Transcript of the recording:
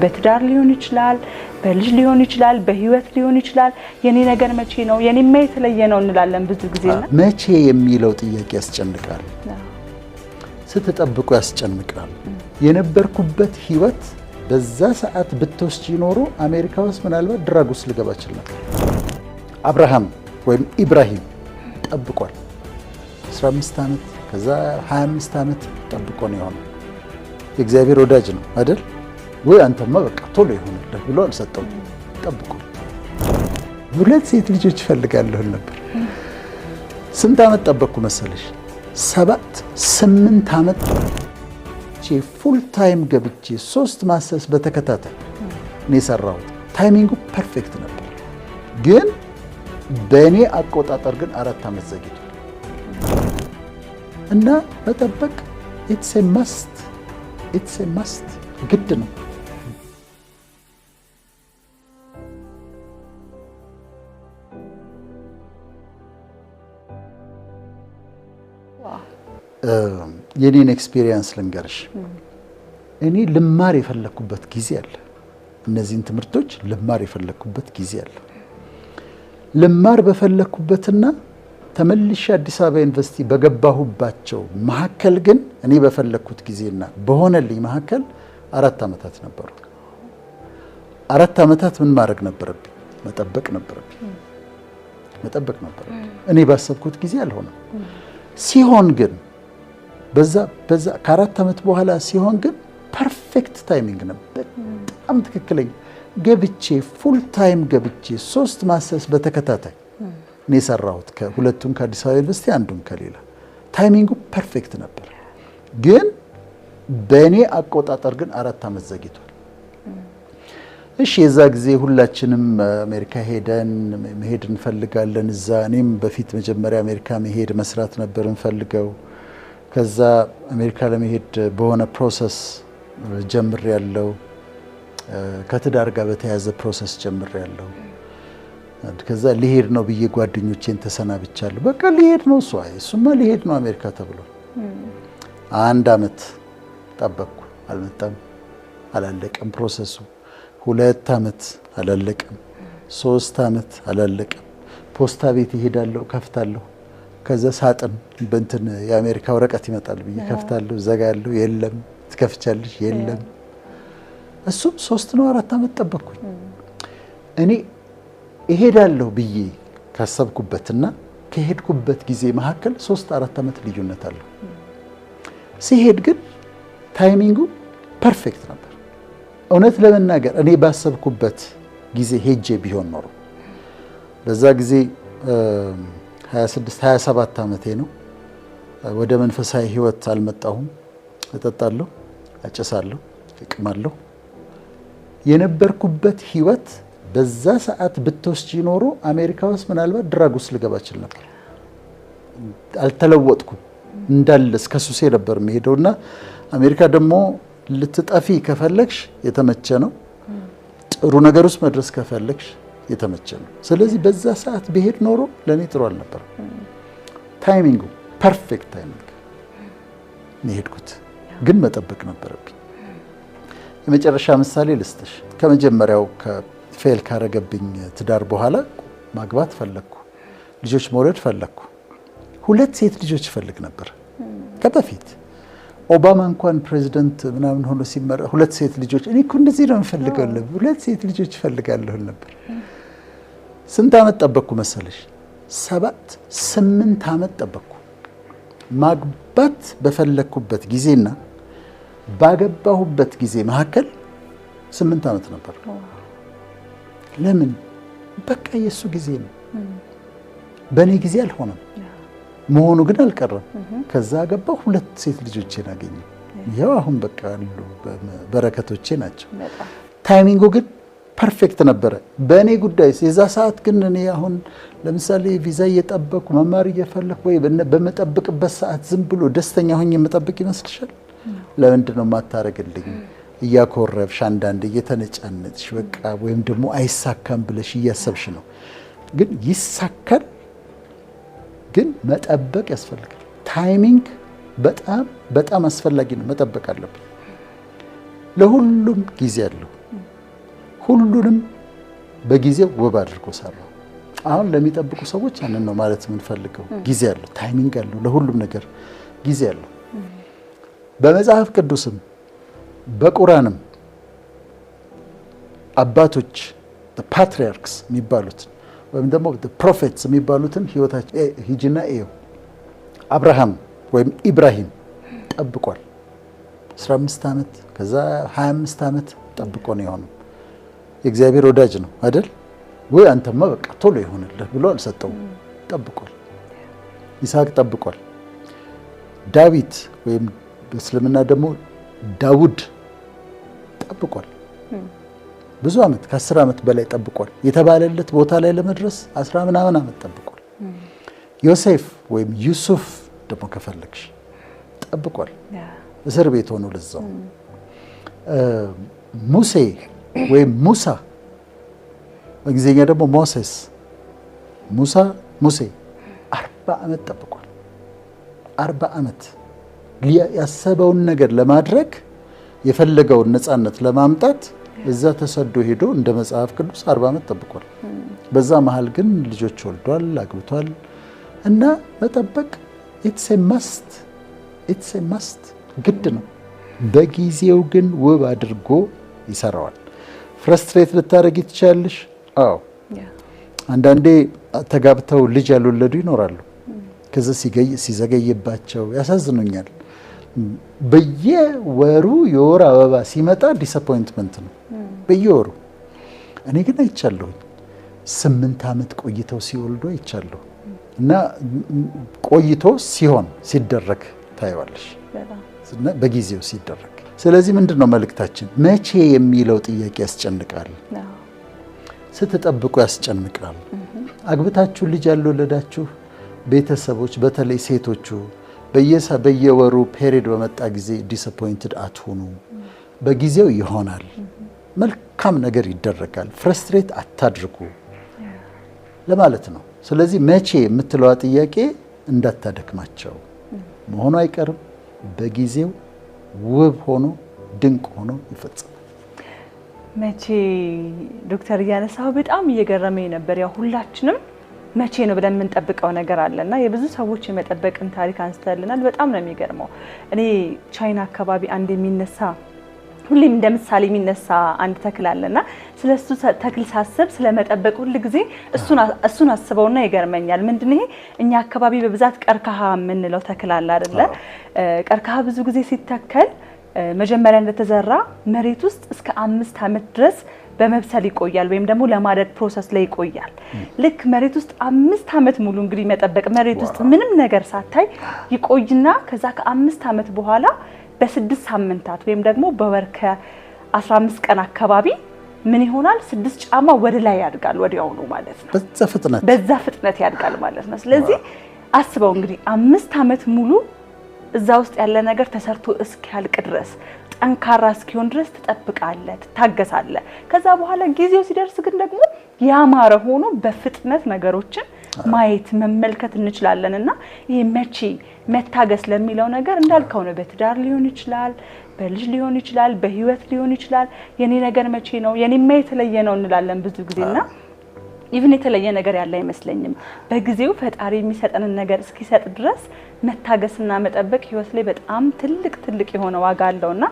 በትዳር ሊሆን ይችላል፣ በልጅ ሊሆን ይችላል፣ በህይወት ሊሆን ይችላል። የኔ ነገር መቼ ነው? የኔማ የተለየ ነው እንላለን ብዙ ጊዜ። መቼ የሚለው ጥያቄ ያስጨንቃል፣ ስትጠብቁ ያስጨንቃል። የነበርኩበት ህይወት በዛ ሰዓት ብትወስጂ ኖሮ አሜሪካ ውስጥ ምናልባት ድራግ ውስጥ ልገባ ነበር። አብርሃም ወይም ኢብራሂም ጠብቋል። 15 ዓመት ከዛ 25 ዓመት ጠብቆ ነው የሆነ። የእግዚአብሔር ወዳጅ ነው አይደል? ወይ አንተማ በቃ ቶሎ ይሆንልህ ብሎ አልሰጠው። ጠብቆ ሁለት ሴት ልጆች እፈልጋለሁን ነበር። ስንት ዓመት ጠበቅኩ መሰለሽ? ሰባት ስምንት ዓመት ፉል ታይም ገብቼ ሶስት ማሰስ በተከታታይ ነው የሰራሁት። ታይሚንጉ ፐርፌክት ነበር፣ ግን በእኔ አቆጣጠር ግን አራት ዓመት ዘግይቷል እና መጠበቅ ኢትስ ኤ ማስት ኢትስ ኤ ማስት ግድ ነው። የኔን ኤክስፒሪየንስ ልንገርሽ። እኔ ልማር የፈለግኩበት ጊዜ አለ። እነዚህን ትምህርቶች ልማር የፈለግኩበት ጊዜ አለ። ልማር በፈለግኩበትና ተመልሼ አዲስ አበባ ዩኒቨርሲቲ በገባሁባቸው መካከል ግን እኔ በፈለግኩት ጊዜና በሆነልኝ መካከል አራት ዓመታት ነበሩ። አራት ዓመታት ምን ማድረግ ነበረብኝ? መጠበቅ ነበረብኝ መጠበቅ ነበረብኝ። እኔ ባሰብኩት ጊዜ አልሆነም። ሲሆን ግን በዛ በዛ ከአራት ዓመት በኋላ ሲሆን ግን ፐርፌክት ታይሚንግ ነው። በጣም ትክክለኛ ገብቼ ፉል ታይም ገብቼ ሶስት ማስተርስ በተከታታይ እኔ የሰራሁት ከሁለቱም ከአዲስ አበባ ዩኒቨርሲቲ አንዱም ከሌላ ታይሚንጉ ፐርፌክት ነበር። ግን በእኔ አቆጣጠር ግን አራት ዓመት ዘግቷል። እሺ የዛ ጊዜ ሁላችንም አሜሪካ ሄደን መሄድ እንፈልጋለን። እዛ እኔም በፊት መጀመሪያ አሜሪካ መሄድ መስራት ነበር እንፈልገው። ከዛ አሜሪካ ለመሄድ በሆነ ፕሮሰስ ጀምር ያለው ከትዳር ጋር በተያያዘ ፕሮሰስ ጀምር ያለው። ከዛ ሊሄድ ነው ብዬ ጓደኞቼን ተሰናብቻለሁ። በቃ ሊሄድ ነው እሷ እሱማ ሊሄድ ነው አሜሪካ ተብሎ አንድ አመት ጠበቅኩ። አልመጣም፣ አላለቀም ፕሮሰሱ ሁለት ዓመት አላለቅም፣ ሶስት ዓመት አላለቅም። ፖስታ ቤት ይሄዳለሁ፣ ከፍታለሁ። ከዛ ሳጥን በእንትን የአሜሪካ ወረቀት ይመጣል ብዬ ከፍታለሁ፣ ዘጋለሁ። የለም ትከፍቻለሽ፣ የለም እሱም ሶስት ነው አራት ዓመት ጠበቅኩኝ። እኔ እሄዳለሁ ብዬ ካሰብኩበትና ከሄድኩበት ጊዜ መካከል ሶስት አራት ዓመት ልዩነት አለው። ሲሄድ ግን ታይሚንጉ ፐርፌክት ነበር። እውነት ለመናገር እኔ ባሰብኩበት ጊዜ ሄጄ ቢሆን ኖሮ በዛ ጊዜ 26 27 ዓመቴ ነው። ወደ መንፈሳዊ ህይወት አልመጣሁም። እጠጣለሁ፣ አጨሳለሁ፣ እቅማለሁ። የነበርኩበት ህይወት በዛ ሰዓት ብትወስጂ ኖሮ አሜሪካ ውስጥ ምናልባት ድራግ ውስጥ ልገባ እችል ነበር። አልተለወጥኩም እንዳለ እስከ ሱሴ ነበር የሚሄደው እና አሜሪካ ደግሞ ልትጠፊ ከፈለግሽ የተመቸ ነው። ጥሩ ነገር ውስጥ መድረስ ከፈለግሽ የተመቸ ነው። ስለዚህ በዛ ሰዓት ብሄድ ኖሮ ለእኔ ጥሩ አልነበረም። ታይሚንጉ ፐርፌክት ታይሚንግ የሄድኩት ግን መጠበቅ ነበረብኝ። የመጨረሻ ምሳሌ ልስጥሽ። ከመጀመሪያው ፌል ካረገብኝ ትዳር በኋላ ማግባት ፈለግኩ፣ ልጆች መውለድ ፈለግኩ። ሁለት ሴት ልጆች እፈልግ ነበር ከበፊት ኦባማ እንኳን ፕሬዚደንት ምናምን ሆኖ ሲመራ ሁለት ሴት ልጆች እኔ እኮ እንደዚህ ነው የምፈልገው ነበር፣ ሁለት ሴት ልጆች እፈልጋለሁ ነበር። ስንት ዓመት ጠበቅኩ መሰለሽ? ሰባት ስምንት ዓመት ጠበቅኩ። ማግባት በፈለግኩበት ጊዜና ባገባሁበት ጊዜ መካከል ስምንት ዓመት ነበር። ለምን? በቃ የእሱ ጊዜ ነው፣ በእኔ ጊዜ አልሆነም። መሆኑ ግን አልቀረም። ከዛ ገባሁ፣ ሁለት ሴት ልጆቼን አገኘሁ። ያው አሁን በቃ ያሉ በረከቶቼ ናቸው። ታይሚንጉ ግን ፐርፌክት ነበረ በእኔ ጉዳይ። የዛ ሰዓት ግን እኔ አሁን ለምሳሌ ቪዛ እየጠበቅኩ መማር እየፈለግኩ ወይ በመጠብቅበት ሰዓት ዝም ብሎ ደስተኛ ሆኜ የመጠብቅ ይመስልሻል? ለምንድን ነው ማታረግልኝ እያኮረብሽ አንዳንድ እየተነጫነጥሽ በቃ ወይም ደግሞ አይሳካም ብለሽ እያሰብሽ ነው። ግን ይሳካል ግን መጠበቅ ያስፈልጋል። ታይሚንግ በጣም በጣም አስፈላጊ ነው። መጠበቅ አለብን። ለሁሉም ጊዜ አለው። ሁሉንም በጊዜው ውብ አድርጎ ሰራው። አሁን ለሚጠብቁ ሰዎች ያንን ነው ማለት የምንፈልገው። ጊዜ አለው፣ ታይሚንግ አለው፣ ለሁሉም ነገር ጊዜ አለው። በመጽሐፍ ቅዱስም በቁራንም አባቶች ፓትሪያርክስ የሚባሉት ወይም ደግሞ ፕሮፌትስ የሚባሉትን ህይወታቸው ሂጂና አብርሃም ወይም ኢብራሂም ጠብቋል። 15 ዓመት ከዛ 25 ዓመት ጠብቆ ነው የሆነው። የእግዚአብሔር ወዳጅ ነው አይደል? ወይ አንተማ በቃ ቶሎ ይሆንልህ ብሎ አልሰጠውም። ጠብቋል። ይስሐቅ ጠብቋል። ዳዊት ወይም በእስልምና ደግሞ ዳውድ ጠብቋል። ብዙ አመት ከ10 ዓመት በላይ ጠብቋል። የተባለለት ቦታ ላይ ለመድረስ 10 ምናምን ዓመት ጠብቋል። ዮሴፍ ወይም ዩሱፍ ደግሞ ከፈለግሽ ጠብቋል፣ እስር ቤት ሆኖ ለዛው። ሙሴ ወይም ሙሳ በእንግሊዝኛ ደግሞ ሞሴስ፣ ሙሳ ሙሴ አርባ ዓመት ጠብቋል። አርባ ዓመት ያሰበውን ነገር ለማድረግ የፈለገውን ነፃነት ለማምጣት እዛ ተሰዶ ሄዶ እንደ መጽሐፍ ቅዱስ አርባ ዓመት ጠብቋል። በዛ መሀል ግን ልጆች ወልዷል፣ አግብቷል እና መጠበቅ ኢትስ ማስት ኢትስ ማስት ግድ ነው። በጊዜው ግን ውብ አድርጎ ይሰራዋል። ፍረስትሬት ልታደርጊ ትችያለሽ። አዎ አንዳንዴ ተጋብተው ልጅ ያልወለዱ ይኖራሉ። ከዚ ሲዘገይባቸው ያሳዝኑኛል። በየወሩ የወር አበባ ሲመጣ ዲስአፖይንትመንት ነው በየወሩ። እኔ ግን አይቻለሁኝ ስምንት ዓመት ቆይተው ሲወልዱ አይቻለሁ። እና ቆይቶ ሲሆን ሲደረግ ታይዋለሽ በጊዜው ሲደረግ። ስለዚህ ምንድን ነው መልእክታችን? መቼ የሚለው ጥያቄ ያስጨንቃል፣ ስትጠብቁ ያስጨንቃል። አግብታችሁ ልጅ ያልወለዳችሁ ቤተሰቦች፣ በተለይ ሴቶቹ በየወሩ ፔሪድ በመጣ ጊዜ ዲስአፖይንትድ አትሆኑ። በጊዜው ይሆናል። መልካም ነገር ይደረጋል። ፍረስትሬት አታድርጉ ለማለት ነው። ስለዚህ መቼ የምትለዋ ጥያቄ እንዳታደክማቸው መሆኑ አይቀርም። በጊዜው ውብ ሆኖ ድንቅ ሆኖ ይፈጸማል። መቼ ዶክተር እያነሳው በጣም እየገረመኝ ነበር ያው ሁላችንም መቼ ነው ብለን የምንጠብቀው ነገር አለ እና የብዙ ሰዎች የመጠበቅን ታሪክ አንስተልናል። በጣም ነው የሚገርመው። እኔ ቻይና አካባቢ አንድ የሚነሳ ሁሌም እንደ ምሳሌ የሚነሳ አንድ ተክል አለና ስለ እሱ ተክል ሳስብ ስለ መጠበቅ ሁል ጊዜ እሱን አስበውና ይገርመኛል። ምንድን ይሄ እኛ አካባቢ በብዛት ቀርከሃ የምንለው ተክል አለ አይደለ? ቀርከሃ ብዙ ጊዜ ሲተከል መጀመሪያ እንደተዘራ መሬት ውስጥ እስከ አምስት ዓመት ድረስ በመብሰል ይቆያል ወይም ደግሞ ለማደግ ፕሮሰስ ላይ ይቆያል። ልክ መሬት ውስጥ አምስት ዓመት ሙሉ እንግዲህ መጠበቅ መሬት ውስጥ ምንም ነገር ሳታይ ይቆይና ከዛ ከአምስት ዓመት በኋላ በስድስት ሳምንታት ወይም ደግሞ በወር ከ15 ቀን አካባቢ ምን ይሆናል? ስድስት ጫማ ወደ ላይ ያድጋል ወዲያውኑ ማለት ነው። በዛ ፍጥነት ያድጋል ማለት ነው። ስለዚህ አስበው እንግዲህ አምስት ዓመት ሙሉ እዛ ውስጥ ያለ ነገር ተሰርቶ እስኪያልቅ ድረስ ጠንካራ እስኪሆን ድረስ ትጠብቃለህ፣ ትታገሳለህ። ከዛ በኋላ ጊዜው ሲደርስ ግን ደግሞ ያማረ ሆኖ በፍጥነት ነገሮችን ማየት መመልከት እንችላለን እና ይህ መቼ መታገስ ለሚለው ነገር እንዳልከው ነው። በትዳር ሊሆን ይችላል፣ በልጅ ሊሆን ይችላል፣ በህይወት ሊሆን ይችላል። የኔ ነገር መቼ ነው የኔማ የተለየ ነው እንላለን ብዙ ጊዜ ጊዜና ኢቭን የተለየ ነገር ያለ አይመስለኝም። በጊዜው ፈጣሪ የሚሰጠንን ነገር እስኪሰጥ ድረስ መታገስና መጠበቅ ህይወት ላይ በጣም ትልቅ ትልቅ የሆነ ዋጋ አለውና